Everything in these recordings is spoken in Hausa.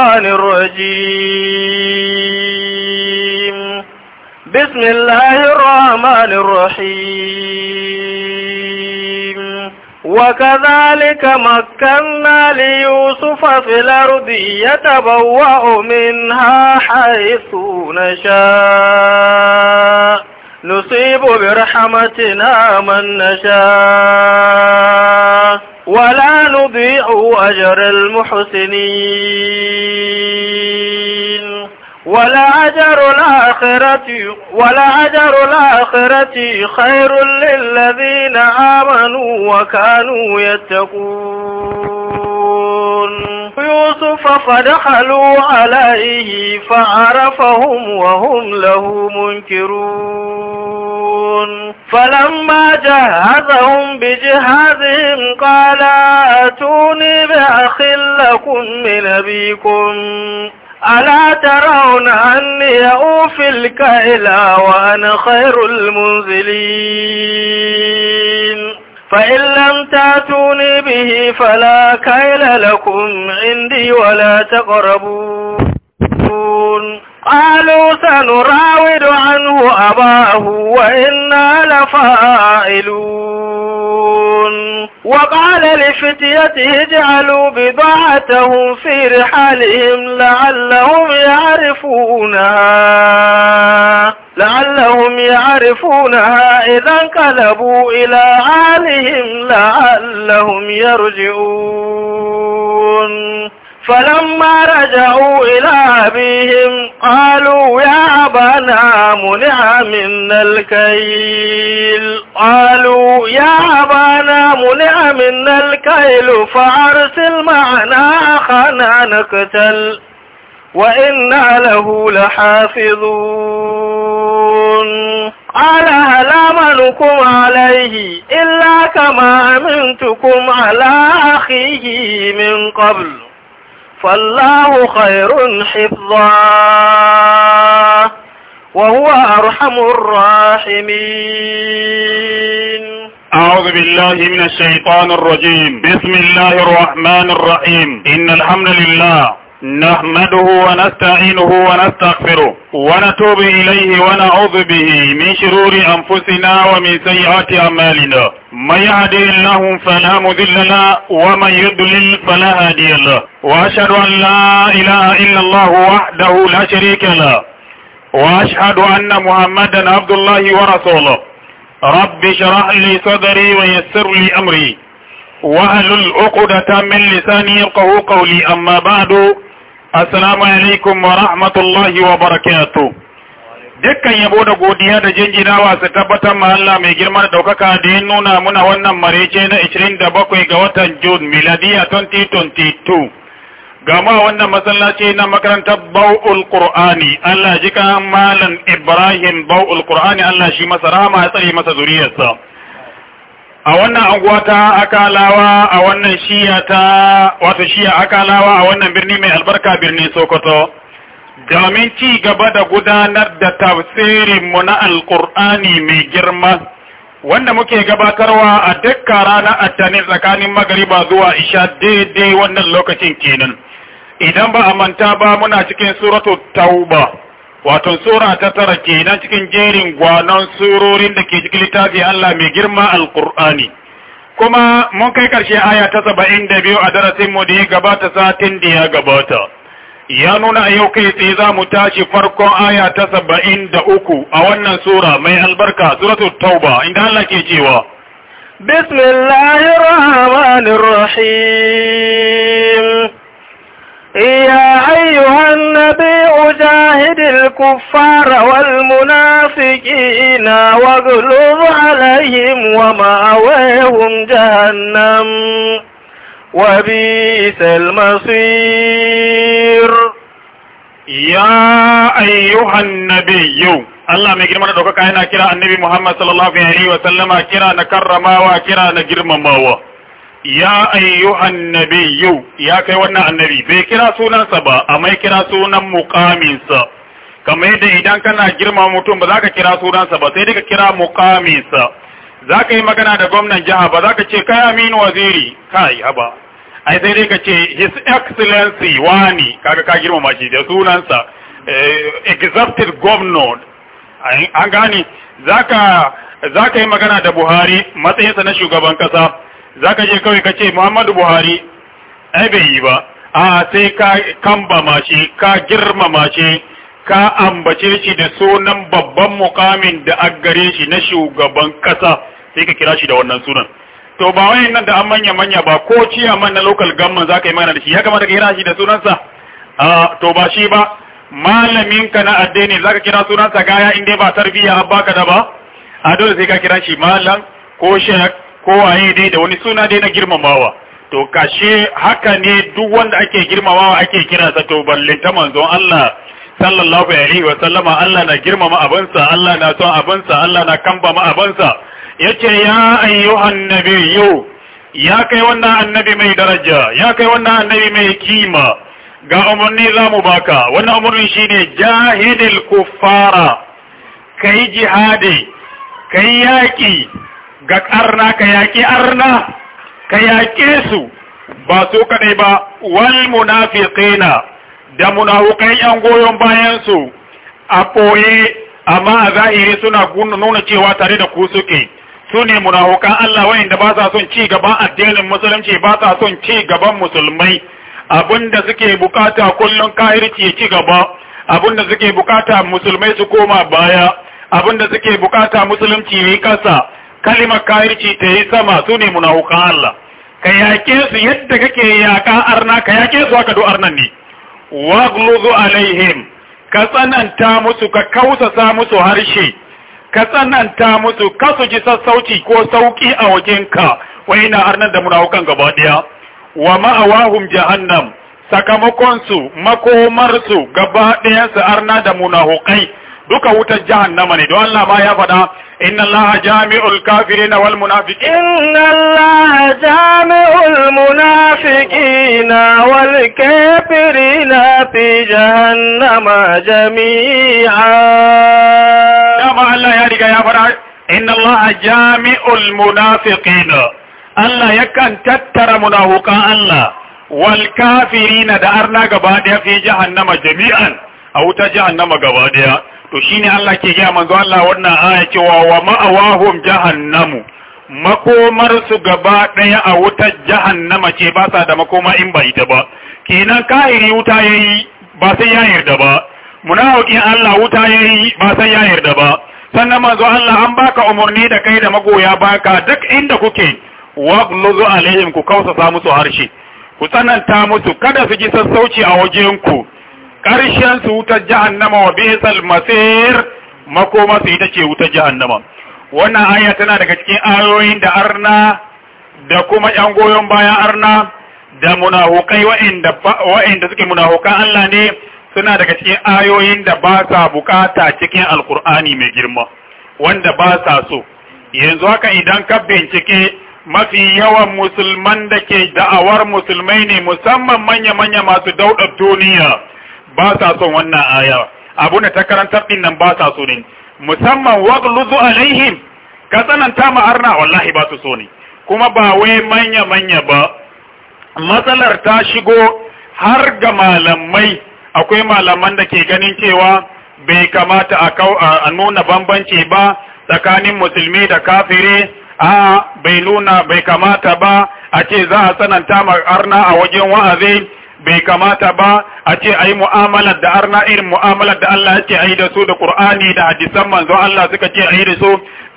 الشيطان الرجيم بسم الله الرحمن الرحيم وكذلك مكنا ليوسف في الأرض يتبوأ منها حيث نشاء نصيب برحمتنا من نشاء ولا نضيع أجر المحسنين ولا أجر الآخرة ولا أجر الآخرة خير للذين آمنوا وكانوا يتقون يوسف فدخلوا عليه فعرفهم وهم له منكرون فلما جهزهم بجهازهم قال آتوني بأخ لكم من أبيكم ألا ترون أني أوفي الكيل وأنا خير المنزلين فإن لم تاتوني به فلا كيل لكم عندي ولا تقربون قالوا سنراود عنه أباه وإنا لفائلون وقال لفتيته اجعلوا بضاعتهم في رحالهم لعلهم يعرفونها لعلهم يعرفونها إذا انقلبوا إلى عالهم لعلهم يرجعون فلما رجعوا إلى أبيهم قالوا يا أبانا منع منا الكيل قالوا يا أبانا منع منا الكيل فأرسل معنا أخانا نقتل وإنا له لحافظون قال هل آمنكم عليه إلا كما أمنتكم على أخيه من قبل فالله خير حفظا وهو أرحم الراحمين أعوذ بالله من الشيطان الرجيم بسم الله الرحمن الرحيم إن الحمد لله نحمده ونستعينه ونستغفره ونتوب إليه ونعوذ به من شرور أنفسنا ومن سيئات أعمالنا من يهدي الله فلا مذل له ومن يضلل فلا هادي له وأشهد أن لا إله إلا الله وحده لا شريك له وأشهد أن محمدا عبد الله ورسوله رب اشرح لي صدري ويسر لي أمري وأهل العقدة من لساني يلقه قولي أما بعد Assalamu alaikum wa rahmatullahi wa barakatu Dukkan yabo da godiya da jinjinawa su tabbatar ma Allah mai girma da ɗaukaka da ya nuna muna wannan marece na 27 ga watan June miladiya 2022. Gama wannan masallaci na makarantar Bau'ul Qur'ani, Allah jika malam Ibrahim Bau'ul Qur'ani Allah shi masa rahama ya tsare masa zuriyarsa. a wannan anguwa ta akalawa a wannan shiya ta wato shiya akalawa a wannan birni mai albarka birni sokoto domin ci gaba da gudanar da tafsirinmu na alkur'ani mai girma wanda muke gabatarwa a dukkan ranar attanin tsakanin magariba zuwa isha daidai wannan lokacin kenan idan ba a manta ba muna cikin suratu tauba wato sura ta tara kenan cikin jerin gwanon surorin da ke cikin littafi Allah mai girma alqur'ani kuma mun kai ƙarshe aya ta saba'in da biyu a darasin mu da ya gabata satin da ya gabata ya nuna a yau kai tsaye za mu tashi farkon aya ta saba'in da uku a wannan sura mai albarka suratul tauba inda Allah ke cewa Bismillahirrahmanirrahim. يا أيها النبي أجاهد الكفار والمنافقين واغلظ عليهم ومأويهم جهنم وبئس المصير يا أيها النبي الله ما يكرمنا دوكا كاينا كرا النبي محمد صلى الله عليه وسلم كرا نكرما وكرا نجرمما وكرا ya ayyu annabiyyu ya kai wannan annabi bai kira sunansa ba amma kira sunan muqaminsa kamar yadda idan kana girma mutum ba za ka kira sunansa ba sai ka kira muqaminsa za ka yi magana da gwamnan jiha ba za ka ce kai aminu waziri kai haba ai sai dai ka ce his excellency wani kaga ka girmama shi da sunansa eh, executive governor an gane za ka yi magana da buhari matsayinsa na shugaban kasa za ka je kawai ka ce muhammadu buhari ai bai yi ba a sai ka kambama shi ka girmama shi ka ambace shi da sunan babban mukamin da aggare shi na shugaban kasa sai ka kira shi da wannan sunan to ba wani nan da an manya manya ba ko ci ciyaman na local government za ka yi mana da shi ya kamata ka kira shi da sunansa a to ba shi ba malamin ka na addini za ka kira sunansa gaya in dai ba tarbiyya abba ka da ba a dole sai ka kira shi malam ko shek kowaye dai da wani suna dai na girmamawa to kashe haka ne duk wanda ake girmamawa ake kira sa to ballinta manzon Allah sallallahu alaihi wa sallama Allah na girmama abansa Allah na son abansa Allah na kambama abansa yace ya ayyuhan nabiyyu ya kai wannan annabi mai daraja ya kai wannan annabi mai kima ga umarni za mu baka wannan umarni shine jahidil kuffara kai jihadi kai yaki ga ƙarna ka yaƙi arna ka yaƙe su ba su kadai ba wal munafiqina da munafukan yan goyon bayansu su a ɓoye amma a zahiri suna nuna cewa tare da ku suke su ne munafukan Allah da ba sa son ci gaban addinin musulunci ba sa son ci gaban musulmai abinda suke bukata kullun kahirci ya ci gaba abinda suke bukata musulmai su koma baya abinda suke bukata musulunci yi kasa kalimar kayirci ta yi sama su ne munafukan Allah ka yaƙe su yadda kake yaƙa arna ka yaƙe su aka do arnan ne waglozo alaihim ka tsananta musu ka kausasa musu harshe ka tsananta musu ka su ji sassauci ko sauki a wajenka Wai ina arnan da munafukan gaba ɗaya wa ma'awahum jahannam sakamakonsu makomarsu gaba ɗayansu arna da munahukai. duka wutar jahannama ne don Allah ba ya faɗa inna Allah jami'ul kafirin wal munafiqin inna Allah jami'ul munafiqin wal kafirin fi jahannama jami'a dama Allah ya riga ya faɗa inna Allah jami'ul munafiqin Allah yakan tattara munafukan Allah wal kafirin da arna gaba daya fi jahannama jami'an a wuta jahannama gaba daya to shine Allah ke gaya manzo Allah wannan aya cewa wa ma'awahum jahannamu makomar su gaba daya a wutar jahannama ce ba sa da makoma in ba ita ba kenan kahiri wuta yayi ba sai ya yarda ba munafiqin Allah wuta yayi ba sai ya yarda ba sannan manzo Allah an baka umarni da kai da magoya baka duk inda kuke wagluzu alaihim ku kausa musu harshe ku tsananta musu kada su ji sassauci a wajenku ku ƙarshen su wutar jahannama wa bai salmasir makoma su ita ce wuta jahannama wannan aya tana daga cikin ayoyin da arna da kuma yan goyon bayan arna da munafukai wa'inda suke munahukan Allah ne suna daga cikin ayoyin da ba sa bukata cikin alkur'ani mai girma wanda ba sa so yanzu haka idan ka bincike mafi yawan musulman da ke da'awar musulmai ne musamman manya-manya masu dauɗa duniya ba sa son wannan aya abun da ta karantar din nan ba sa so ne musamman waqluzu alaihim ka tsananta ma arna wallahi ba su so ne kuma ba wai manya manya ba matsalar ta shigo har ga malamai akwai malaman da ke ganin cewa bai kamata a nuna bambanci ba tsakanin musulmi da kafiri a bai nuna bai kamata ba a ce za a tsananta ma arna a wajen wa'azi bai kamata ba a ce a yi mu'amalar da arna irin mu'amalar da Allah yake ce a yi da su da Qur'ani da hadisan manzo Allah suka ce a yi da su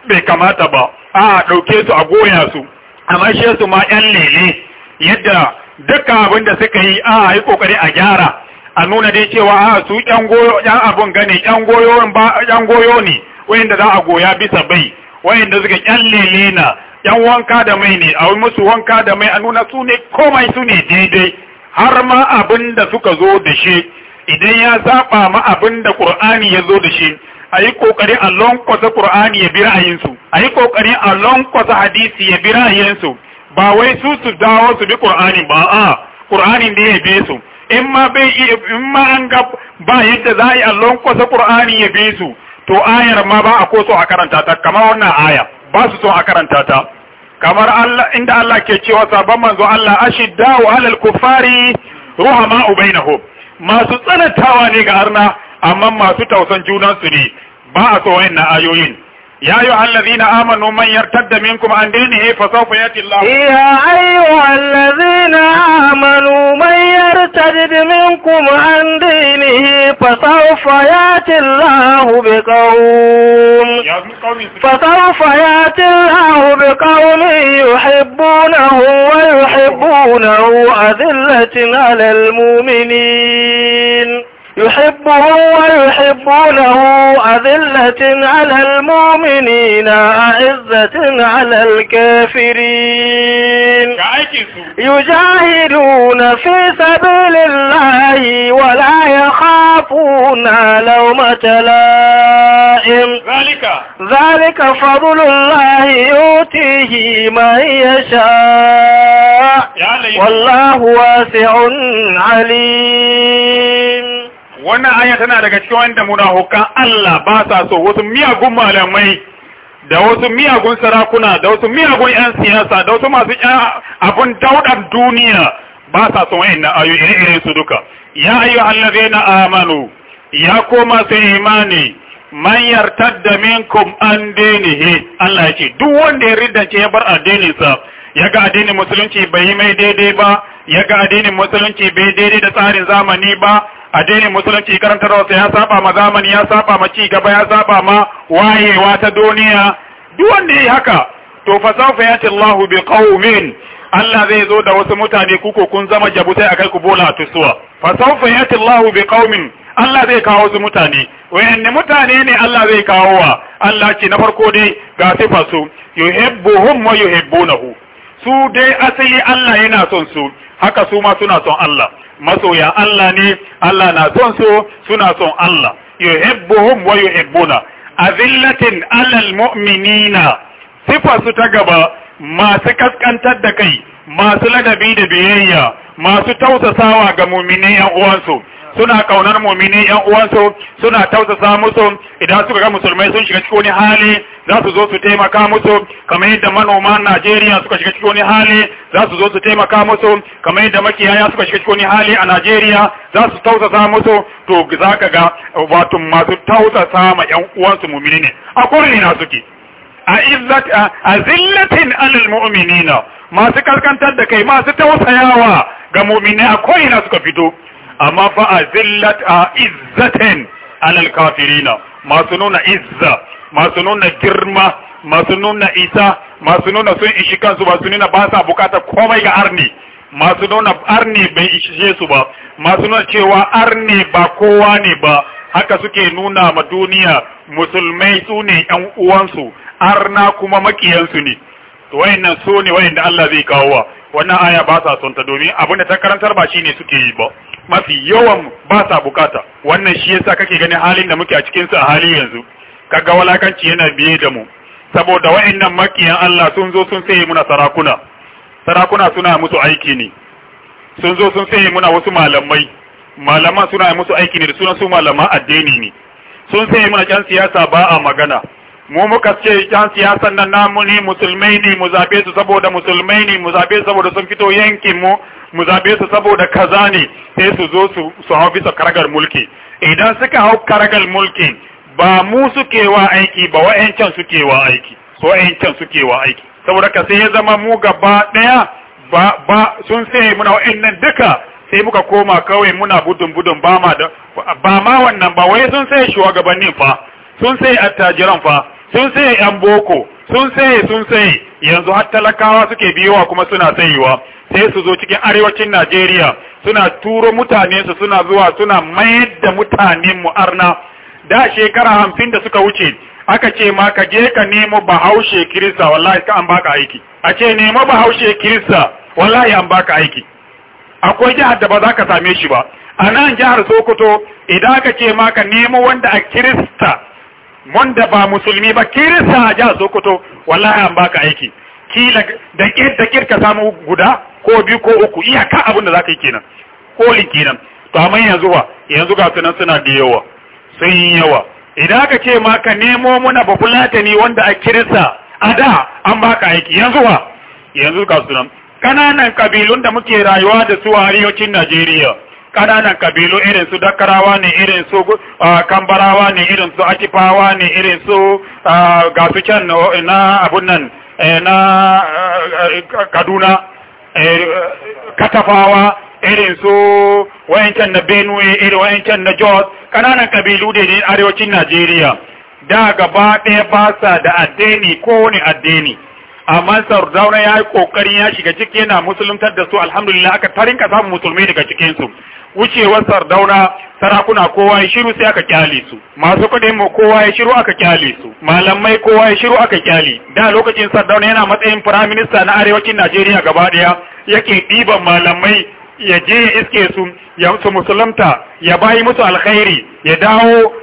bai kamata ba a ɗauke su a goya su a shi su ma ƴan lele yadda dukkan abinda suka yi a yi kokari a gyara a nuna dai cewa a su ƴan goyo ƴan abun gane ƴan goyo ba ƴan goyo ne wayanda za a goya bisa bai wayanda suka ƴan lele na ƴan wanka da mai ne a yi musu wanka da mai a nuna su ne komai su ne daidai har ma abin da suka zo da shi idan ya saba ma abin da kur'ani ya zo da shi a yi kokarin a lankwasa kur'ani ya bi ra'ayinsu yi kokari a lankwasa hadisi ya bi ra'ayinsu ba wai su su dawo su bi Qur'ani ba a Qur'ani ne ya bi su in ma bai in ma an ga ba yadda za a yi a lankwasa kur'ani ya bi su to ayar ma ba a ko so a karanta ta kamar wannan aya ba su so a karanta ta kamar Allah inda Allah ke cewa sabon manzo Allah ashiddaw alal kufari ruhama ubainahum masu tsanantawa ne ga arna amma masu tausan junan su ne ba a so wayannan ayoyin يا أيها الذين آمنوا من يرتد منكم عن دينه فسوف يأتي الله يا أيها الذين آمنوا من يرتد منكم عن دينه فسوف يأتي الله بقوم فسوف يأتي الله بقوم يحبونه ويحبونه أذلة على المؤمنين يحبه ويحبونه أذلة على المؤمنين أعزة على الكافرين يجاهدون في سبيل الله ولا يخافون لومة لائم ذلك ذلك فضل الله يؤتيه من يشاء والله واسع عليم wannan aya tana daga cikin wanda munafukan Allah ba sa so wasu miyagun malamai da wasu miyagun sarakuna da wasu miyagun 'yan siyasa da wasu masu abun daudar duniya ba sa so wayannan ayoyi iri-iri su duka ya na amanu ya koma su imani man yartadda minkum an dinihi Allah ya ce duk wanda ya riddance ya bar addininsa ya ga addinin musulunci bai yi mai daidai ba ya ga addinin musulunci bai daidai da tsarin zamani ba addinin musulunci karantarwarsa ya saba ma zamani ya saba ma ci gaba ya saba ma wayewa ta duniya duk wanda yi haka to fa sawfa yati Allahu bi qaumin Allah zai zo da wasu mutane kuko kun zama jabutai akai ku bola tusuwa fa sawfa yati Allahu bi qaumin Allah zai kawo su mutane wayanne mutane ne Allah zai kawo wa Allah ce na farko dai ga sifa su yuhibbuhum wa yuhibbunahu su dai asali Allah yana son su haka su ma suna son Allah masoya Allah ne Allah na son su suna son Allah yuhibbuhum wa yuhibbuna azillatin alal mu'minina sifa su ta gaba masu kaskantar da kai masu ladabi da biyayya masu tausasawa ga mu'minai yan uwansu suna kaunar mu'mini ƴan uwansu suna tausasa musu idan suka ga musulmai sun shiga cikin wani hali za su zo su taimaka musu kamar yadda manoma Najeriya suka shiga cikin wani hali za su zo su taimaka musu kamar yadda makiyaya suka shiga cikin wani hali a Najeriya za su tausasa musu to za ka ga wato masu tausasa ma ƴan uwansu mu'mini ne a kurni na suke a izzat a zillatin alal mu'minina masu karkantar da kai masu tausayawa ga mu'mini a ko'ina suka fito amma fa zillat a izzatin alal kafirina masu nuna izza masu nuna girma masu nuna isa masu nuna sun ishi kansu ba su nuna ba sa bukata komai ga arni masu nuna arni bai ishe su ba masu nuna cewa arni ba kowa ne ba haka suke nuna ma duniya musulmai su ne yan uwansu arna kuma makiyansu ne to wayannan su ne wayanda Allah zai kawo wa wannan aya ba sa son ta domin abin da ta karantar ba shine suke yi ba mafi yawan ba sa bukata wannan shi yasa kake ganin halin da muke a cikin su a hali yanzu kaga walakanci yana biye da mu saboda wayannan makiyan Allah sun zo sun sai muna sarakuna sarakuna suna musu aiki ne sun zo sun sai muna wasu malamai malama suna musu aiki ne da sunan su malama addini ne sun sai muna kan siyasa ba a magana mu muka ce yan siyasan nan namu ne musulmai ne mu zabe su saboda musulmai ne mu zabe su saboda sun fito yankin mu mu zabe su saboda kaza ne sai su zo su su hau bisa karagar mulki idan suka hau karagar mulki ba mu suke wa aiki ba wa'ancan suke wa aiki ko wa'ancan suke wa aiki saboda ka sai ya zama mu gaba daya ba ba sun sai muna wa'annan duka sai muka koma kawai muna budun budun ba ma da ba ma wannan ba wai sun sai shugabannin fa sun sai attajiran fa sun sai yan boko sun sai sun sai yanzu har talakawa suke biyowa kuma suna sayewa sai su zo cikin arewacin Najeriya suna turo mutane su suna zuwa suna mayar da mutanen mu arna da shekara hamsin da suka wuce aka ce ma ka je ka nemo bahaushe kirista wallahi ka an baka aiki a ce nemo bahaushe kirista wallahi an baka aiki akwai jihar da ba za ka same shi ba a nan jihar sokoto idan aka ce ma ka nemo wanda a kirista wanda ba musulmi ba kirista a jihar sokoto wallahi an baka aiki kila da da kirka samu guda ko biyu ko uku iyaka abin da za ka yi kenan kolin kenan to amma yanzu wa yanzu ga sunan suna da yawa sun yi yawa idan aka ce ma ka nemo muna ba ni wanda a kirista a da an baka aiki yanzu wa yanzu ga sunan ƙananan kabilun da muke rayuwa da su a arewacin Najeriya ƙananan kabilu irin su dakarawa ne irin su kambarawa ne irin su akifawa ne irin su gasu can na abun nan e, na e, kaduna e, katafawa irin su wayancan na benue irin wayancan na jos ƙananan kabilu da ne arewacin najeriya da gaba ɗaya ba sa da addini ko wani addini amma sardauna ya yi kokarin ya shiga ciki yana musuluntar da su alhamdulillah aka tarinka samun musulmi daga cikin wucewar sardauna sarakuna kowa ya shiru sai aka kyale su masu kuɗi mu kowa ya shiru aka kyale su malamai kowa ya shiru aka kyale da lokacin sardauna yana matsayin firaminista na arewacin Najeriya gaba daya yake ɗiban malamai ya je ya iske su ya su musulunta ya bayi musu alkhairi ya dawo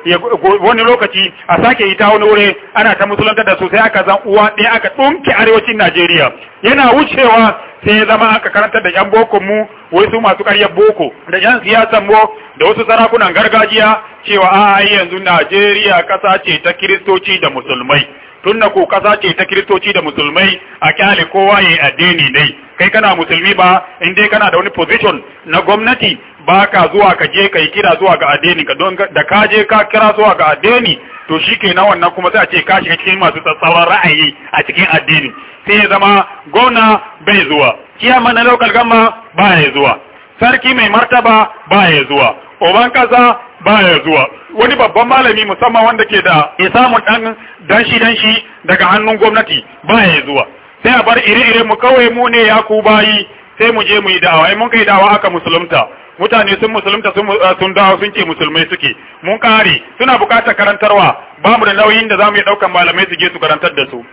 wani lokaci a sake yi ta wani wuri ana ta musulunta da su aka zan uwa ɗaya aka ɗumke arewacin Najeriya yana wucewa sai ya zama aka karantar da 'yan boko mu wai su masu karyar boko da 'yan siyasan mu da wasu sarakunan gargajiya cewa a yanzu Najeriya ƙasa ce ta kiristoci da musulmai tunna ko kasa ce ta kiristoci da musulmai a kyale kowa yayi addini ne kai kana musulmi ba in dai kana da wani position na gwamnati ba ka zuwa ka je kai kira zuwa ga addini ka don da ka je ka kira zuwa ga addini to shikenan wannan kuma sai a ce ka shiga cikin masu tsatsauran ra'ayi a cikin addini sai ya zama gwamna bai zuwa kiyama na local gama ba ya zuwa sarki mai martaba ba ya zuwa oban kasa baya zuwa wani babban malami musamman wanda ke da ya samu dan danshi danshi daga hannun gwamnati baya zuwa sai a bar ire-ire mu kawai mu ne ya ku bayi sai mu je mu yi da'awa ai mun kai da'awa aka musulunta mutane sun musulunta sun eh, dawo sun ce musulmai suke mun kare suna bukatar karantarwa ba mu da nauyin da zamu yi daukan malamai su je su karantar da su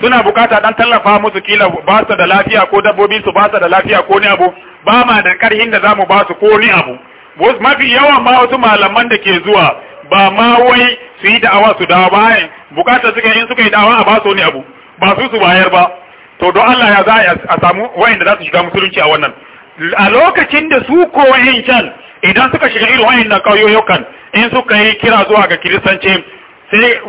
suna bukata dan tallafa musu kila ba su da lafiya ko dabbobi su ba su da lafiya ko ni abu ba ma da karhin da zamu ba su ko ni abu wasu mafi yawan ma wasu malaman da ke zuwa ba ma wai su yi da'awa su dawa bayan bukatar suka yi suka yi da'awa a basu wani abu ba su su bayar ba to don Allah ya za a samu wayan da za su shiga musulunci a wannan a lokacin da su ko can idan suka shiga irin wayan wayannan kauyoyokan in suka yi kira zuwa ga kiristanci sai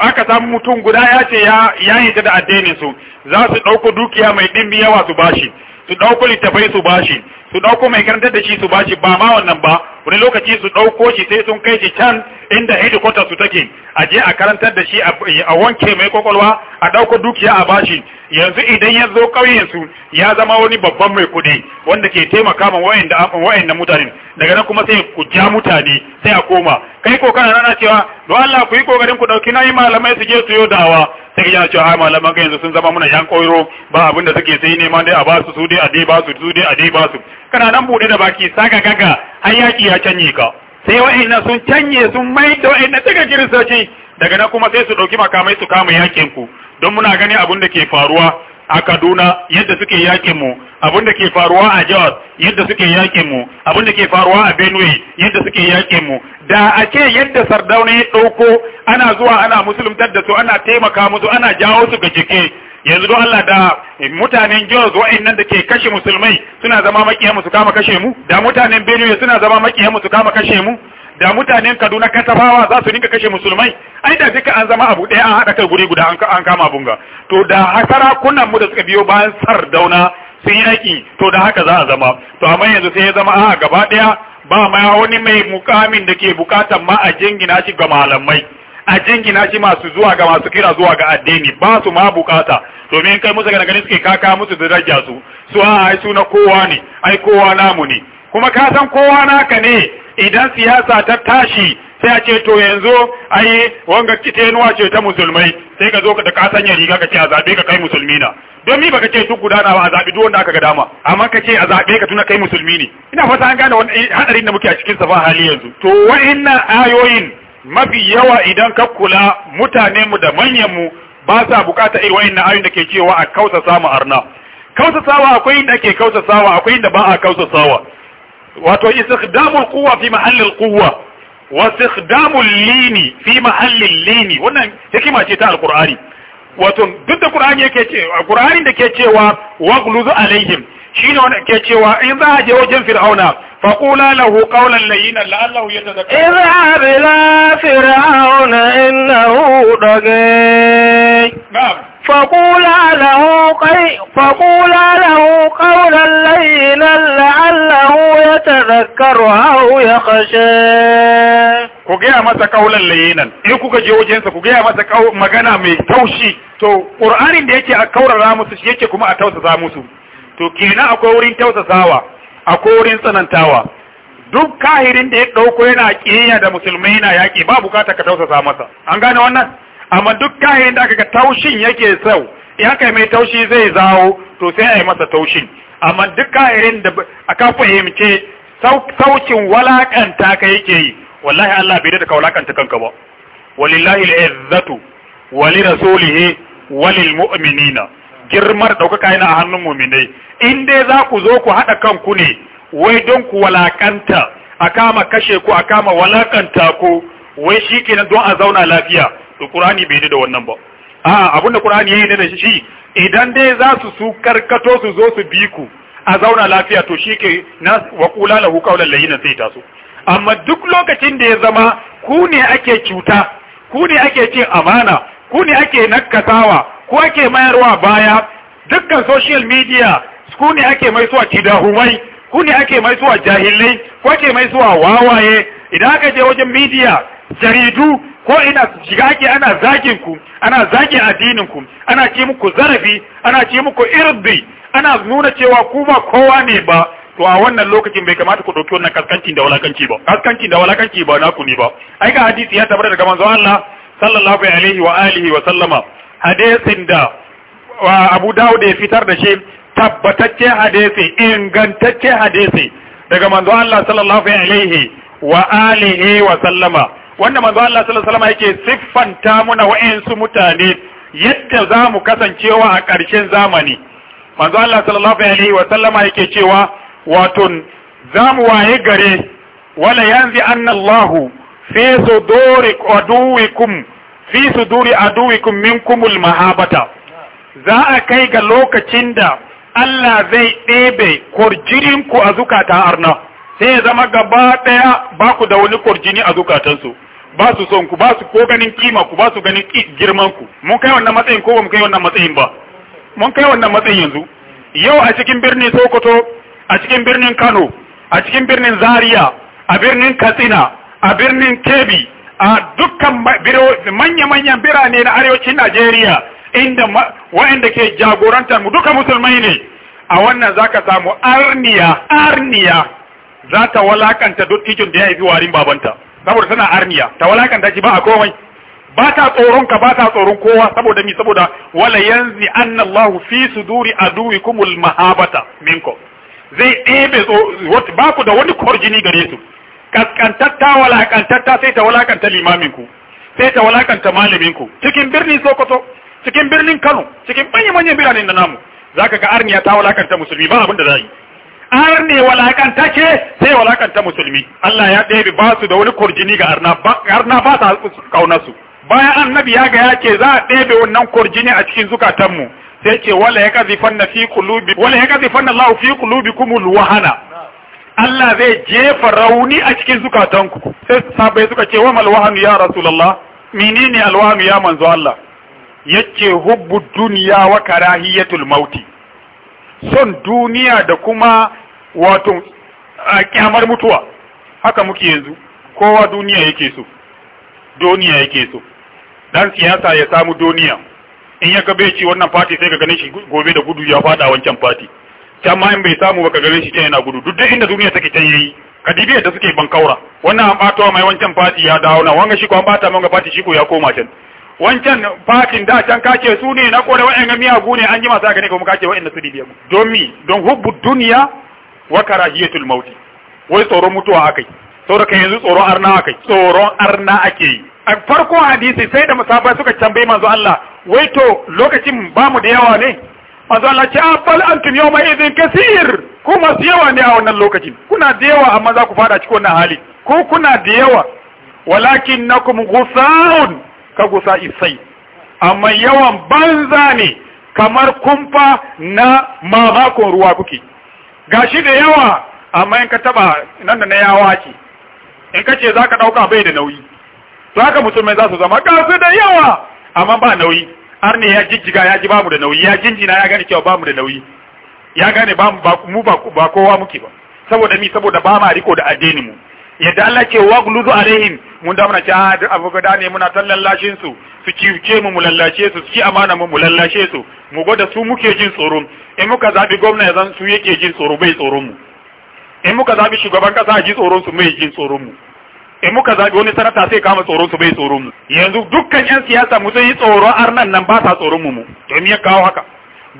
aka samu mutum guda ya ce ya yi da addinin su za su ɗauko dukiya mai ɗimbi yawa su bashi su ɗauko littafai su bashi su ɗauko mai karantar da shi su bashi ba ma wannan ba wani lokaci su ɗauko shi sai sun kai shi can inda headquarters su take a je a karantar da shi a wanke mai kwakwalwa a ɗauko dukiya a bashi yanzu idan ya zo ƙauyen su ya zama wani babban mai kuɗi wanda ke taimaka ma wayan mutane daga nan kuma sai ku ja mutane sai a koma kai ko kana nana cewa don Allah ku yi kokarin ku ɗauki nayi malamai su je su yo dawa sai ya ce ai malaman ka yanzu sun zama muna yan koyro ba abin da suke sai neman dai a ba su su dai a dai ba su su dai a dai ba su kana nan bude da baki saka gaga har yaki ya canye ka sai wa'annan sun canye sun mai da wa'annan daga kiristoci daga nan kuma sai su dauki makamai su kama yakin ku don muna gani abin da ke faruwa a Kaduna yadda suke yakin mu abin da ke faruwa a Jos yadda suke yakin mu abin da ke faruwa a Benue yadda suke yakin mu da a ce yadda Sardauna ya dauko ana zuwa ana musuluntar da su ana taimaka musu ana jawo su ga jike yanzu don Allah da mutanen Jos wa'annan da ke kashe musulmai suna zama makiyar su kama kashe mu da mutanen Benue suna zama makiyar su kama kashe mu da mutanen Kaduna katafawa za su dinka kashe musulmai ai da duka an zama abu ɗaya an haɗa kai guri guda an kama bunga to da hasara kunan mu da suka biyo bayan sar dauna sun yaƙi to da haka za a zama to amma yanzu sai ya zama a gaba ɗaya ba ma wani mai mukamin da ke bukatan ma a jingina shi ga malamai a jingina shi masu zuwa ga masu kira zuwa ga addini ba su ma bukata domin kai musu gani suke kaka musu da daraja su su a ai su na kowa ne ai kowa namu ne kuma ka san kowa naka ne idan siyasa ta tashi sai a ce to yanzu ai wanga kitenuwa ce ta musulmai sai ka zo ka da kasan riga ka ce a zabe ka kai musulmi na don mi baka ce duk gudana ba a zabi duk wanda aka ga dama amma ka ce a zabe ka tuna kai musulmi ne ina fasa an gane wani eh, hadarin da muke a cikin sa ba hali yanzu to wa'annan ayoyin mafi yawa idan ka kula mutane mu da manyan mu ba sa bukata irin wa'annan ayoyin da ke cewa a kausa samu arna kausasawa akwai inda ake kausasawa akwai inda ba a kausasawa wato istikhdamul kuwa fi mahallil kuwa wa istikhdamul lini fi mahallil lini wannan hikima ce ta alqur'ani wato duk da qur'ani yake ce qur'anin da ke cewa wa waghluz alaihim shine wanda ke cewa in za a je wajen fir'auna فقولا له قولا لينا لعله يتذكر اذهب الى فرعون انه طغى نعم فقولا له فقولا له قولا لينا لعله يتذكر أو يخشى ku gaya masa kaulan layinan in kuka je wajensa ku gaya masa magana mai taushi to qur'anin da yake a kaurara musu shi yake kuma a tausasa musu to kenan akwai wurin tausasawa akwai wurin tsanantawa duk kahirin da ya ɗauko yana kiyaya da musulmai yana yaki ba bukata ka tausasa masa an gane wannan amma duk kayan da aka ga taushin yake sau in aka mai taushi zai zawo to sai a yi masa taushin amma duk kayan da aka fahimce saukin walakanta ka yake yi wallahi Allah bai da ka walakanta kanka ba walillahi al'izzatu wali rasulihi wa mu'minina girmar ɗaukaka yana a hannun mu'minai in dai za ku zo ku haɗa kanku ne wai don ku walakanta a kama kashe ku a kama walakanta ku wai shi kenan don a zauna lafiya to Qur'ani bai da wannan ba a abinda Qur'ani yayi da shi idan dai za su su karkato su zo su bi ku a zauna lafiya to shi ke na wa qula lahu qawlan layyinan sai taso amma duk lokacin da ya zama ku ne ake cuta ku ne ake cin amana ku ne ake nakkatawa ku ake mayarwa baya dukkan social media ku ne ake mai suwa kidahumai ku ne ake mai suwa jahilai ku ake mai suwa wawaye idan aka je wajen media jaridu ko ina shiga ake ana zagin ku ana zagin addinin ku ana ce muku zarafi ana ce muku irdi ana nuna cewa ku ba kowa ne ba to a wannan lokacin bai kamata ku dauki wannan kaskancin da walakanci ba kaskancin da walakanci ba naku ne ba ai ga hadisi ya tabbata daga manzo Allah sallallahu alaihi wa alihi wa sallama hadisin da Abu Dawud ya fitar da shi tabbatacce hadisi ingantacce hadisi daga manzo Allah sallallahu alaihi wa alihi wa sallama wanda manzo Allah sallallahu alaihi wasallam yake siffanta muna wa'ansu mutane yadda za mu kasancewa a ƙarshen zamani manzo Allah sallallahu alaihi wasallam yake cewa wato za mu waye gare wala yanzi annallahu fi suduri aduwikum fi suduri aduwikum minkumul mahabata za a kai ga lokacin da Allah zai ɗebe ku a zukatan arna sai zama gaba ɗaya ba ku da wani kurjini a zukatansu ba su son ku ba su ko ganin kima ku ba su ganin girman ku mun kai wannan matsayin ko ba mu kai wannan matsayin ba mun kai wannan matsayin yanzu yau a cikin birnin Sokoto a cikin birnin Kano a cikin birnin Zaria a birnin Katsina a birnin Kebbi a dukkan manya-manyan birane na arewacin Najeriya inda waɗanda ke jagoranta mu duka musulmai ne a wannan zaka samu arniya arniya za ta walakanta dukkan da ya haifi warin babanta saboda tana arniya ta walakanta shi ba a komai ba ta tsoron ka ba ta tsoron kowa saboda mi saboda wala yanzi annallahu fi suduri aduwikumul mahabata minkum zai ɗebe ba ku da wani kwarjini gare su kaskantatta walakantatta sai ta walakanta limamin ku sai ta walakanta malamin ku cikin birnin Sokoto cikin birnin Kano cikin manya manyan biranen da namu zaka ga armiya ta walakanta musulmi ba abin da za yi arne walakantacce sai walakanta musulmi Allah ya ɗebe ba su da wani kurjini ga arna ba ta su. bayan annabi ya ga ya ce za a ɗebe wannan kurjini a cikin zukatanmu sai ce wala ya kazifan fi kulubi wala ya kazifan na fi kulubi kumul wahana Allah zai jefa rauni a cikin zukatanku sai sabai suka ce wa malwahanu ya rasulullah menene alwahanu ya manzo Allah yace hubbu dunya wa karahiyatul mauti son duniya da kuma wato a kyamar mutuwa haka muke yanzu kowa duniya yake so duniya yake so dan siyasa ya samu duniya in ya gabe ci wannan fati sai ka ganin shi gobe da gudu ya fada wancan fati can ma in bai samu ba ka ganin shi can yana gudu duk da inda duniya take can yayi kadibiyar da suke bankaura wannan an bata mai wancan fati ya dawo na wanga shi ko an bata wancan fati shi ko ya koma can wancan fatin da can kace su ne na kore wa'en ga miyagu ne an ji masu haka ne kuma kace wa'en da su dibiya don mi don hubbu duniya wa karahiyatul maut wai tsoron mutuwa akai tsoro kai yanzu tsoron arna akai tsoron arna ake yi a farko hadisi sai da musabai suka tambaye manzo Allah wai to lokacin bamu da yawa ne manzo Allah ce a ah, bal antum yawma idin kaseer kuma su yawa ne a wannan lokacin kuna da yawa amma za ku fada cikin wannan hali ko kuna da yawa walakinnakum ghusaun ka gusa isai amma yawan banza ne kamar kumfa na mamakon ruwa kuke gashi da yawa amma in ka taba nan da na yawa ce in ka ce za ka ɗauka bai da nauyi za ka musulmai za su zama gasu da yawa amma ba nauyi har ne ya jijjiga ya ji bamu da nauyi ya jinjina ya gani cewa bamu da nauyi ya gane ba ba kowa muke ba saboda mi saboda ba ma riko da addinin mu yadda Allah ce wagludu alaihim mun da muna ta abogada ne muna tallallashin su su kiwce mu mu lallashe su su ci amana mu mu lallashe su mu gwada su muke jin tsoro in muka zabi gwamna ya zan su yake jin tsoro bai tsoron mu in muka zabi shugaban kasa ji tsoron su mai jin tsoron mu in muka zabi wani sanata sai kama tsoron su bai tsoron mu yanzu dukkan yan siyasa mu sai tsoron arnan nan ba sa tsoron mu mu to me ya kawo haka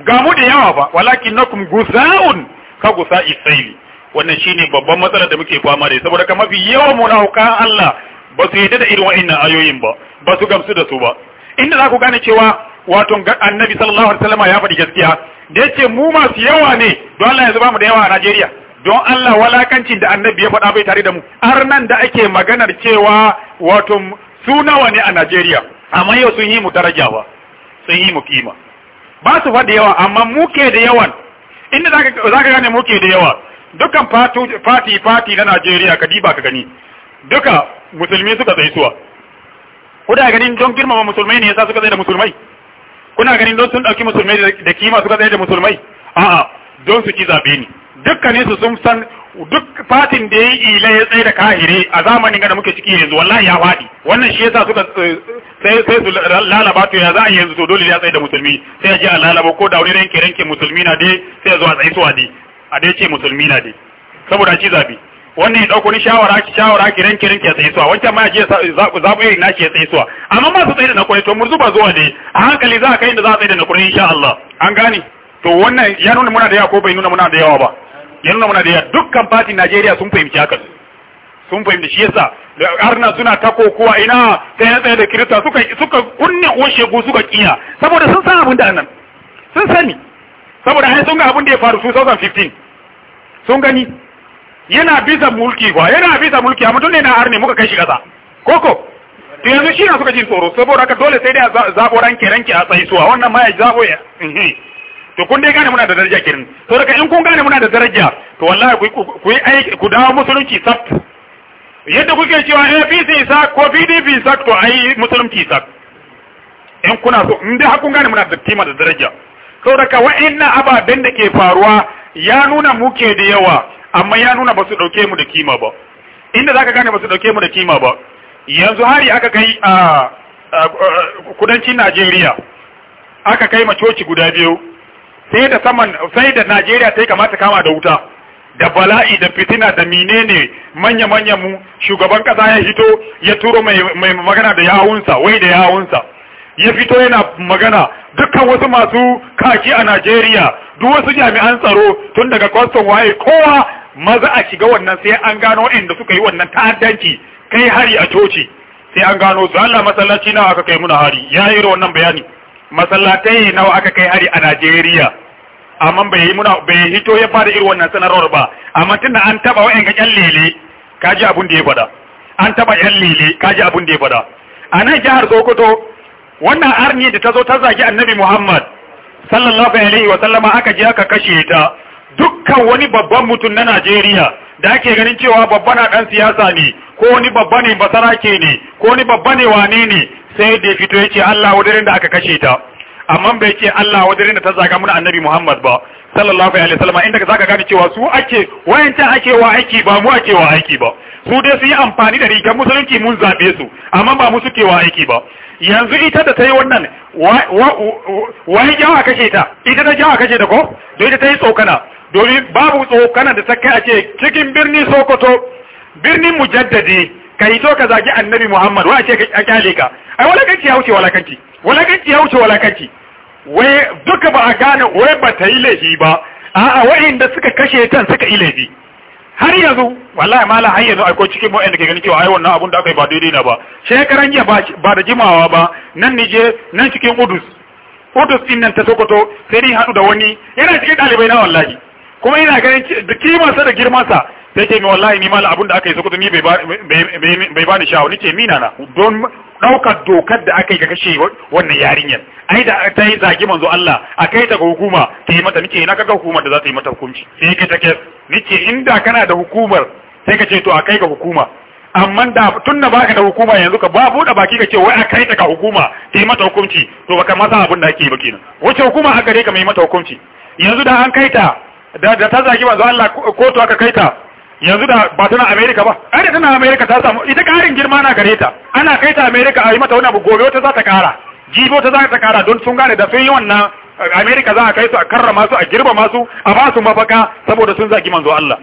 ga mu da yawa ba walakin nakum gusaun ka gusa isaili wannan shine babban matsalar da muke fama da saboda ka mafi yawan munafukan Allah ba su yadda da irin wa'annan ayoyin ba ba su gamsu da su ba inda za ku gane cewa wato annabi sallallahu alaihi wasallam ya faɗi gaskiya da yace mu masu yawa ne don Allah ya zuba mu da yawa a Najeriya don Allah walakancin da annabi ya faɗa bai tare da mu har nan da ake maganar cewa wato su nawa ne a Najeriya amma yau sun yi mu daraja ba sun yi mu kima ba su faɗi yawa amma mu ke da yawan inda za ka gane mu ke da yawa dukan fati fati na Najeriya ka diba ka gani duka musulmi suka tsaye suwa kuna ganin don girmama musulmai ne yasa suka tsaye da musulmai kuna ganin don sun dauki musulmai da kima suka tsaye da musulmai a'a don su ci zabe ne dukkanin su sun san duk fatin da yayi ila ya tsaye da kahire a zamanin da muke ciki yanzu wallahi ya fadi wannan shi yasa suka eh, sai sai su lalaba to ya za a yanzu to dole ya tsaye da musulmi sai ya ji a lalaba ko da wani ranke ranke musulmi na dai sai ya zo a tsaye suwa ne a dai ce musulmi na dai saboda shi zabi wannan ya dauko ni shawara ki shawara ki ranki ranki ya tsaye suwa wancan ma je zabu yin nashi ya tsaye suwa amma ma su tsayida da na kuri to murzu ba zuwa dai a hankali za a kai inda za a tsaye da na kuri insha Allah an gane to wannan ya nuna muna da yawa ko bai nuna muna da yawa ba ya nuna muna da yawa dukkan fatin Najeriya sun fahimci haka sun fahimci shi yasa arna suna tako kowa ina ta ya tsaye da kirista suka suka kunne oshe go suka kiya saboda sun san abin da nan sun sani saboda ai sun ga abin da ya faru 2015 sun gani yana bisa mulki kuwa yana bisa mulki amma tun ne na arne muka kai shi kasa koko to yanzu shi na suka jin tsoro saboda ka dole sai dai zaɓo ranke ranke a tsayi suwa wannan ma zaɓo zabo ya to kun dai gane muna da daraja kirin to daga in kun gane muna da daraja to wallahi ku yi aiki ku dawo musulunci sak yadda kuke cewa APC sa ko PDP sa to ai musulunci sak in kuna so in dai har kun gane muna da kima da daraja saboda na ababen da ke faruwa ya nuna muke da yawa amma ya nuna ba su dauke mu da kima ba inda za ka gane ba su dauke mu da kima ba yanzu hari aka kai a kudancin Najeriya aka kai ma coci guda biyu sai da saman sai da Najeriya ta kamata kama da wuta da bala'i da fitina da menene manya-manyan mu shugaban kasa ya hito ya turo mai magana da yawunsa wai da yawunsa ya fito yana magana dukkan wasu masu kaki a Najeriya duk wasu jami'an tsaro tun daga kwaston waye kowa maza a shiga wannan sai an gano inda suka yi wannan ta'addanci kai hari a coci sai an gano su Allah masallaci nawa aka kai muna hari ya yi wannan bayani masallatai nawa aka kai hari a Najeriya amma bai yi muna bai hito ya fara irin wannan sanarwar ba amma tunda an taba wa'en ga kyallele kaji abun da ya faɗa an taba kyallele kaji abun da ya faɗa a nan jihar Sokoto wannan arni da ta zo ta zagi annabi Muhammad sallallahu alaihi wa sallama aka je aka kashe ta dukkan wani babban mutum na Najeriya da ake ganin cewa babba na dan siyasa ne ko wani babba ne basarake ne ko wani babba ne wane ne sai da fito yace Allah wadarin da aka kashe ta amma bai ce Allah wadarin da ta zaga mun annabi Muhammad ba sallallahu alaihi wasallam inda zaka gane cewa su ake wayancan ake wa aiki ba mu ake wa aiki ba su dai su yi amfani da rigar musulunci mun zabe su amma ba mu suke wa aiki ba yanzu ita da ta yi wannan wani jawa kashe ta ita ta jawa kashe ta ko don ita ta yi tsokana domin babu tsokana da ta kai a ce cikin birnin sokoto birnin mujaddadi ka to ka zagi annabi muhammad wa ce a kyale ka ai walakanci ya wuce walakanci walakanci ya wuce walakanci wai duka ba a gane wai ba ta yi laifi ba a'a wa'inda suka kashe tan suka yi laifi har yanzu wallahi mala har yanzu aiko cikin wa'anda ke ganin cewa ai wannan abun da aka yi ba daidai na ba shekaran jiya ba da jimawa ba nan nije nan cikin udus udus din nan ta sokoto sai ni haɗu da wani yana cikin ɗalibai na wallahi kuma ina ganin da kimansa da girma sa. sai ke mi wallahi ni mala abun da aka yi sokoto ni bai bani shawo ce mina na don daukar dokar da aka yi ka kashe wannan yarinyar ai da ta yi zagi manzo Allah a kai ta ga hukuma ta yi mata ce na ga hukumar da za ta yi mata hukunci sai ka take ce inda kana da hukumar sai ka ce to a kai ga hukuma amma da tun da baka da hukuma yanzu ka ba bude baki ka ce wai a kai ta ga hukuma ta yi mata hukunci to baka masa abun da ake yi ba kenan wace hukuma aka gare ka mai mata hukunci yanzu da an kai ta da ta zagi manzo Allah ko to aka kai ta yanzu da ba tana Amerika ba ai da tana Amerika ta samu ita karin girma na gare ta ana kai ta Amerika a yi mata wani abu gobe wata za ta kara jibo ta za ta kara don sun gane da sun yi wannan eh, Amerika za a kai su a karra masu a girba masu a ba su mafaka saboda sun zagi manzo Allah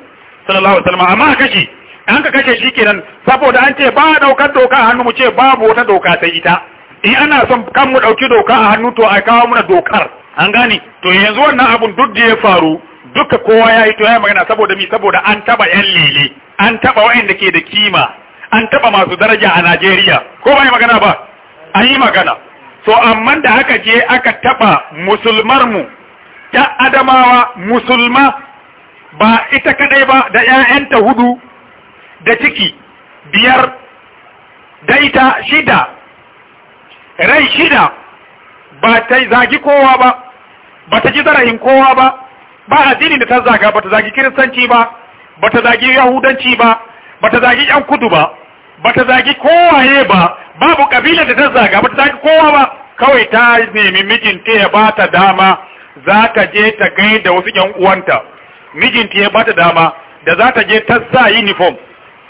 sallallahu alaihi wasallam amma kashi an ka kashe shi kenan saboda an ce ba daukar doka a hannu mu ce babu wata doka sai ita in ana son kan mu dauki doka a hannu to a kawo muna dokar an gane to yanzu wannan abun duk da ya faru duka kowa ya yi to ya magana saboda mi saboda an taba yan lele an taba wayanda ke da kima an taba masu daraja a Najeriya ko ba magana ba an yi magana so amma da aka je aka taba musulmar mu ta adamawa musulma ba ita kadai ba da ƴaƴanta hudu da ciki biyar da ita shida rai shida ba ta zagi kowa ba ba ta ji zarafin kowa ba ba addini da ta zaga bata zagi kiristanci ba bata zagi yahudanci ba bata zagi yan kudu ba bata zagi kowaye ba babu kabila da ta zaga bata zagi kowa ba kawai ta nemi mijinta ya bata dama za ta je ta gai da wasu yan uwanta mijinta ya bata dama da za ta je ta sa uniform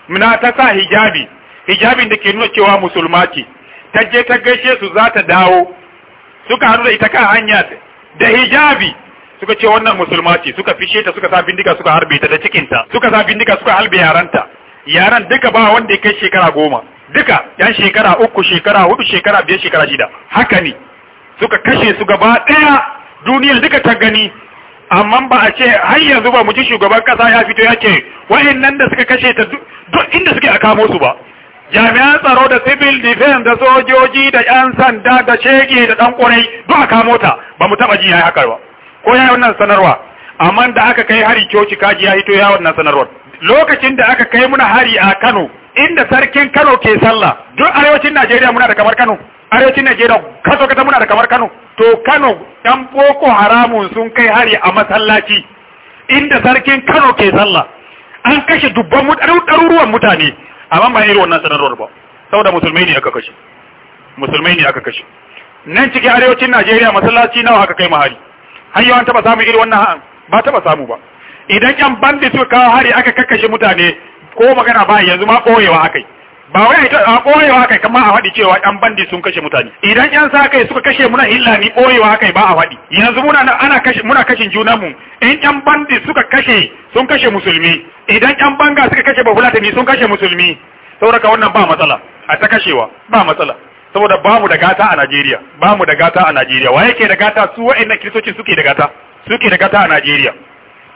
na ta sa hijabi hijabi da ke nuna cewa musulma ce ta je ta gaishe su za ta dawo suka haɗu da ita kan hanya da hijabi suka ce wannan musulma ce suka fishe ta suka sa bindiga suka harbe ta da cikinta suka sa bindiga suka harbe yaranta yaran duka ba wanda ya kai shekara goma duka yan shekara uku shekara hudu shekara biyar shekara shida haka ne suka kashe su gaba daya duniya duka ta gani amma ba a ce har yanzu ba mu ji shugaban kasa ya fito ya ce wayannan da suka kashe ta duk inda suke a kamo su ba jami'an tsaro da civil defense da sojoji da yan sanda da shege da dan kurai duk a kamo ta ba mu taba ji yayi haka ba ko ya wannan sanarwa amma da aka kai hari coci kaji ya hito ya wannan sanarwar lokacin da aka kai muna hari a Kano inda sarkin Kano ke sallah duk arewacin Najeriya muna da kamar Kano arewacin Najeriya kaso kata muna da kamar Kano to Kano dan boko haramun sun kai hari a masallaci inda sarkin Kano ke sallah an kashe dubban ruwan mutane amma ba irin wannan sanarwar ba saboda musulmai ne aka kashe musulmai ne aka kashe nan cikin arewacin Najeriya masallaci nawa aka kai mahari hanyoyin yawan taba samu irin wannan ha'an ba taba samu ba idan yan bandi suka kawo hari aka kakkashe mutane ko magana ba yanzu ma koyewa akai ba wai a koyewa akai kamar a faɗi cewa yan bandi sun kashe mutane idan yan sa kai suka kashe muna illa ni koyewa akai ba a faɗi yanzu muna ana kashe muna kashin junanmu in yan bandi suka kashe sun kashe musulmi idan yan banga suka kashe bafulatani sun kashe musulmi sauraka wannan ba matsala a ta kashewa ba matsala saboda ba mu da gata a Najeriya ba mu da gata a Najeriya wa yake da gata su wa'annan kristoci suke da gata suke da gata a Najeriya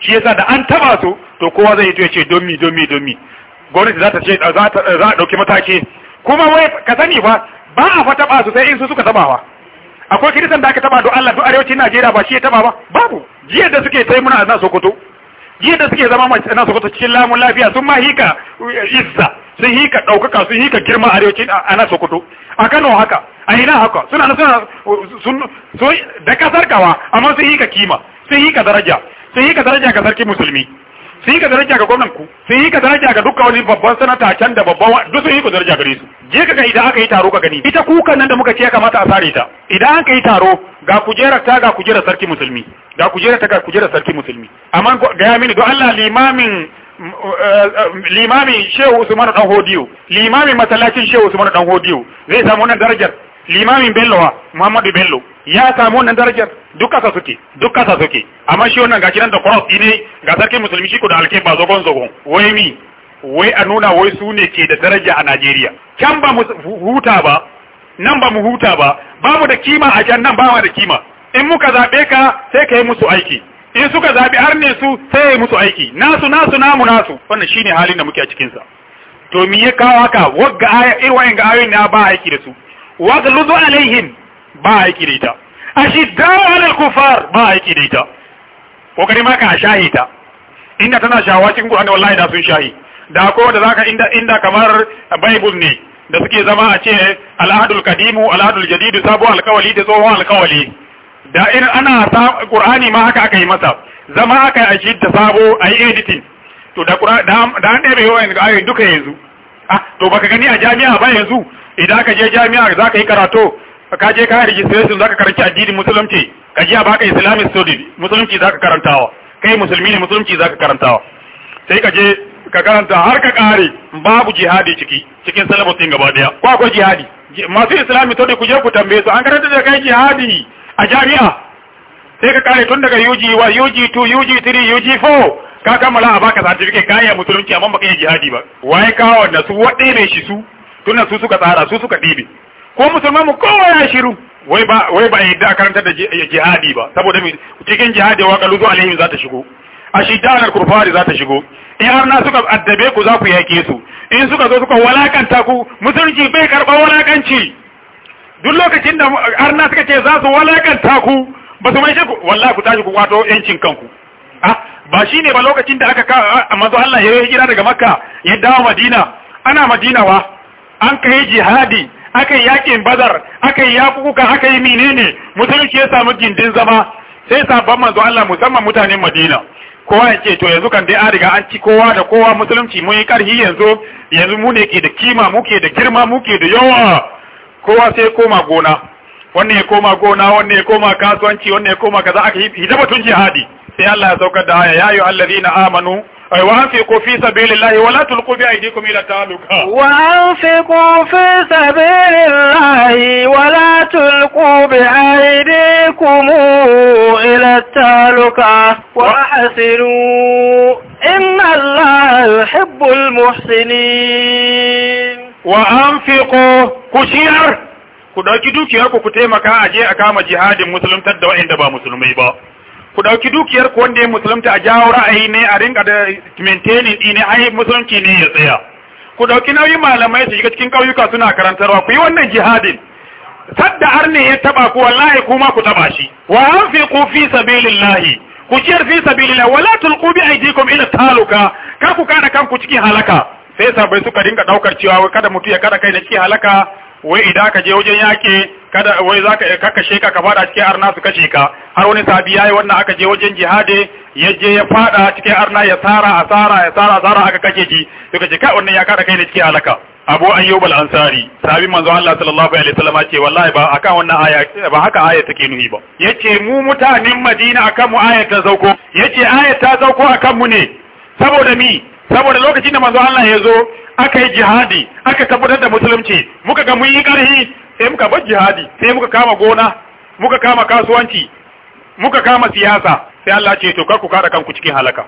shi yasa da an taba su to kowa zai yi ya ce don mi don mi don mi gwamnati za ta ce za a dauki mataki kuma wai ka sani ba ba a fa taba su sai in su suka taba ba akwai kiristan da aka taba don Allah duk arewacin Najeriya ba shi ya taba ba babu jiya da suke tai muna a nan Sokoto yadda suke zama mace na sokoto cikin lamun lafiya sun ma hika eh, izza sun hika ɗaukaka sun hika girma arewacin a na sokoto a kano haka a ina haka suna na suna da kasar kawa amma sun hika kima sun hika daraja sun hika daraja ga sarki musulmi sun yi ka daraja ga gwamnan ku sun yi ka daraja ga dukkan wani babban sanata can da babban duk sun yi ka daraja gare su je ka ga idan aka yi taro ka gani ita kukan nan da muka ce ya kamata a sare ta idan aka yi taro ga kujerar ta ga kujerar sarki musulmi ga kujerar ta ga kujerar sarki musulmi amma ga ya mini don Allah limamin eh, limamin Shehu Usman dan Hodiyo limamin masallacin Shehu Usman dan Hodiyo zai samu wannan darajar limamin bello wa muhammadu bello ya samu wannan darajar duk sa suke duk sa suke amma shi wannan gashi nan da cross ne ga sarkin musulmi shi ko da alke ba zogon zogon wai mi wai a nuna wai su ne ke da daraja a Najeriya can ba mu huta ba nan ba mu huta ba ba mu da kima a can nan ba da kima in muka zabe ka sai ka yi musu aiki in suka zabi har ne su sai ya yi musu aiki nasu nasu namu nasu wannan shine halin da muke a cikin sa to me ya kawo haka wagga aya irin ga ayoyin na ba aiki da su wagludu alaihim ba aiki da ita ashiddau alal kufar ba aiki da ita kokari maka a shahi ta inda tana shawa cikin Qur'ani wallahi da sun shahi da ko da zaka inda inda kamar Bible ne da suke zama a ce al-ahadul qadimu al-ahadul jadidu sabo alkawali da tsohon alkawali da in ana Qur'ani ma haka aka yi masa zama aka yi ashid da sabo ayi editing to da da an ɗebe yawan ayoyi duka yanzu ah to baka gani a jami'a ba yanzu idan ka je jami'a za ka yi karatu ka je ka registration za ka karanci addinin musulunci ka je a baka islamic study musulunci za ka karantawa kai musulmi ne musulunci za ka karantawa sai ka je ka karanta har ka kare babu jihadi ciki cikin salabus sun gaba daya ko akwai jihadi masu islamic study ku je ku tambaye su an karanta da kai jihadi a jami'a sai ka kare tun daga UG1 UG2 UG3 UG4 ka kammala a baka certificate kai musulunci amma baka yi jihadi ba waye kawo na su waɗe ne shi su tunan su suka tsara su suka ɗibe ko musulma mu kowa ya shiru wai ba wai ba yadda a karantar da eh, jihadi ba saboda cikin jihadi wa kaluzu alaihim za ta shigo a shidanar kurfari za ta shigo in har na suka addabe ku za ku yake su in suka zo suka walakanta ku musulunci bai karɓa walakanci duk lokacin da har na suka ce za su walakanta ku ba su mai ku wallahi ku tashi ku kwato yancin kanku ah ba shine ba lokacin da aka manzo Allah ya yi hijira daga Makka ya dawo Madina ana wa? an kai jihadi aka yi yakin badar aka yi yakuka aka yi menene musulunci ya samu gindin zama sai sabon manzo Allah musamman mutanen Madina kowa ya to yanzu kan dai an riga an ci kowa da kowa musulunci mun yi karhi yanzu yanzu mu ne ke da kima muke da girma muke da yawa kowa sai koma gona wannan ya koma gona wannan ya koma kasuwanci wannan ya koma kaza aka yi hidabatun jihadi sai Allah ya saukar da aya ya ayyuhallazina amanu وأنفقوا في سبيل الله ولا تلقوا بأيديكم إلى التهلكة وأنفقوا في سبيل الله ولا تلقوا بأيديكم إلى التهلكة وأحسنوا إن الله يحب المحسنين وأنفقوا كشير كدوكي دوكي أكو ku taimaka a جهاد مسلم kama jihadin مسلمي با ku ɗauki dukiyar ku wanda ya musulunta a jawo ra'ayi ne a rinka da maintaining din ne ai musulunci ne ya tsaya ku ɗauki nauyin malamai su shiga cikin kauyuka suna karantarwa ku yi wannan jihadin sadda har ne ya taba ku wallahi kuma ku taba shi wa anfiqu fi sabilillahi ku ciyar fi sabilillahi wala tulqu bi aydikum ila taluka kar ku kan kanku cikin halaka sai sabai suka dinga daukar cewa kada mutu ya kada kai na cikin halaka wai idan ka je wajen yake kada wai zaka kakkashe ka ka fada cikin arna su kashe ka har wani sabi yayi wannan aka je wajen jihade ya je ya fada cikin arna ya tsara asara ya tsara asara aka kashe ji to ce kai wannan ya kada kai ne cikin alaka. Abu Ayyub al-Ansari sabi manzo Allah sallallahu alaihi wasallam ce wallahi ba akan wannan aya ba haka aya take nuhi ba yace mu mutanen Madina akan mu aya ta zauko yace aya ta zauko akan mu ne saboda mi saboda lokacin da manzo Allah ya zo aka yi jihadi aka tabbatar da musulunci muka ga mun yi ƙarhi sai muka bar jihadi sai muka kama gona muka kama kasuwanci muka kama siyasa sai Allah ce to karku ku kada kanku cikin halaka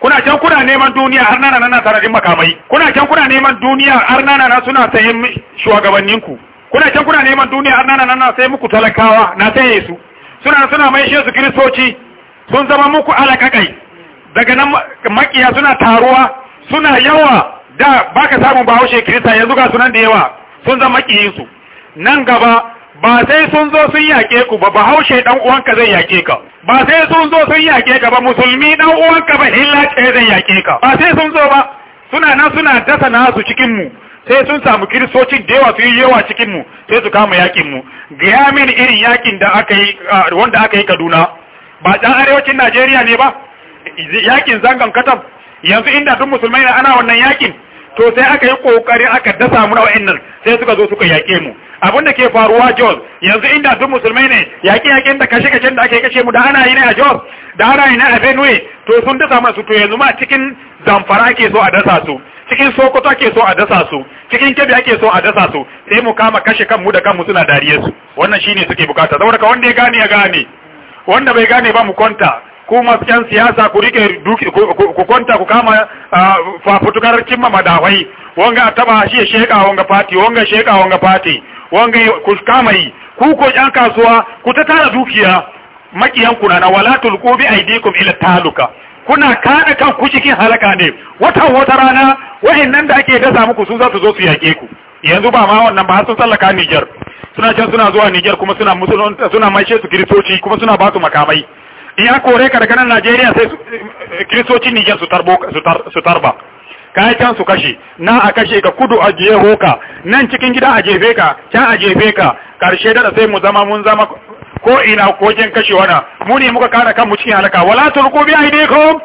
kuna can kuna neman duniya har nana nana sararin makamai kuna can kuna neman duniya har nana na suna sayin ku? kuna can kuna neman duniya har nana nana sai muku talakawa na sai su suna suna mai su kiristoci sun zama muku alakakai daga nan makiya suna taruwa suna yawa da baka samun bahaushe kirista yanzu ga sunan da yawa sun zama kiyinsu nan gaba ba sai sun zo sun yaƙe ku ba bahaushe ɗan uwanka zai yaƙe ka ba sai sun zo sun yaƙe ka ba musulmi ɗan uwanka ba hilla ce zai yaƙe ka ba sai sun zo ba suna nan suna dasa nasu cikin mu sai sun samu kiristocin da yawa su yi yawa cikin mu sai su kama yaƙin mu gaya min irin yaƙin da aka yi wanda aka yi Kaduna ba dan arewacin Najeriya ne ba yaƙin zangan katam yanzu inda duk musulmai ana wannan yaƙin. to sai aka yi kokari aka dasa mu wa'annan sai suka zo suka yake mu abin da ke faruwa Jos yanzu inda duk musulmai ne yaƙe yakin da kashe kashe da ake kashe mu da ana yi ne a Jos da ana yi ne a Benue to sun dasa mana su to yanzu ma cikin Zamfara ake so a dasa su cikin Sokoto ake so a dasa su cikin kebe ake so a dasa su sai mu kama kashe kanmu da kanmu suna dariye su wannan shine suke bukata saboda ka wanda ya gane ya gane wanda bai gane ba mu kwanta Kuma masu yan siyasa ku rike duki ku kwanta ku kama fafutukar cimma madawai wanga a taba shi ya sheka wanga fati wanga sheka wanga fati wanga ku kama yi ku ko yan kasuwa ku ta tara dukiya makiyan ku na wala tulqu bi aidikum ila taluka kuna kada kan ku cikin halaka ne wata wata rana nan da ake dasa muku su za su zo su yake ku yanzu ba ma wannan ba sun sallaka Niger suna can suna zuwa Niger kuma suna musulunta suna maishe su kiristoci kuma suna ba su makamai ya kore ka daga nan Najeriya sai eh, kiristoci jan su tarba kayan can su kashe na a kashe ka kudu a jiye ka nan cikin gida a jefe ka can a jefe ka karshe da sai mu zama mun zama ko ina kogin kashewa na mu ne muka kan kanmu cikin halaka wala tulqu bi ko.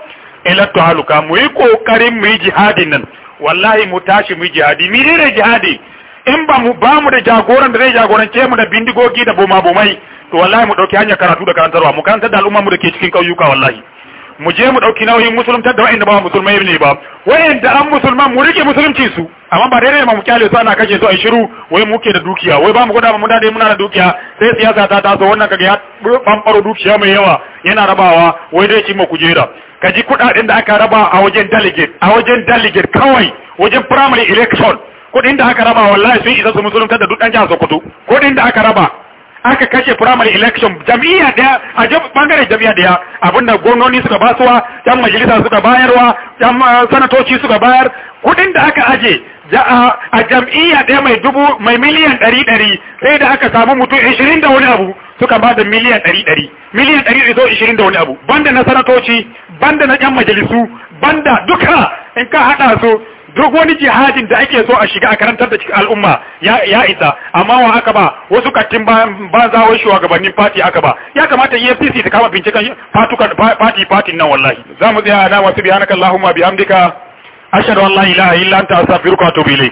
ila eh, haluka mu yi kokarin mu yi jihadin nan wallahi mu tashi mu yi jihadi da jihadi in ba mu ba mu da jagoran da zai jagorance mu da bindigogi da boma bomai to wallahi mu dauki hanyar karatu da karantarwa mu karantar da al'umma mu da ke cikin kauyuka wallahi mu je mu dauki nauyin musulunta da wa'anda ba musulmai ne ba da an musulman mu rike musulunci su amma ba daidai ma mu kyale su ana kashe su a shiru wai mu ke da dukiya wai ba mu ba mu dade muna da dukiya sai siyasa ta taso wannan kaga ya bambaro dukiya mai yawa yana rabawa wai dai ci mu kujera kaji kudaden da aka raba a wajen delegate a wajen delegate kawai wajen primary election kudin da aka raba wallahi sun isa su musulunta da duk dan jihar Sokoto kudin da aka raba aka kashe primary election jami'a daya a bangare jami'a daya abinda gononi suka basuwa yan majalisa suka bayarwa yan uh, sanatoci suka bayar kudin da aka aje a jam'iyya ɗaya mai dubu mai miliyan ɗari ɗari sai da aka samu mutum ishirin da wani abu suka ba da miliyan ɗari ɗari miliyan ɗari ɗari zo ishirin da wani abu banda na sanatoci banda na ƴan majalisu banda duka in ka haɗa su duk wani jihadin da ake so a shiga a karantar da cikin al'umma ya isa amma wa aka ba wasu kattin ba zawon shugabannin fati aka ba ya kamata EFCC ta kama binciken fatukan fati fatin nan wallahi zamu tsaya na wasu bihanaka Allahumma bihamdika ashhadu an la lanta illa anta astaghfiruka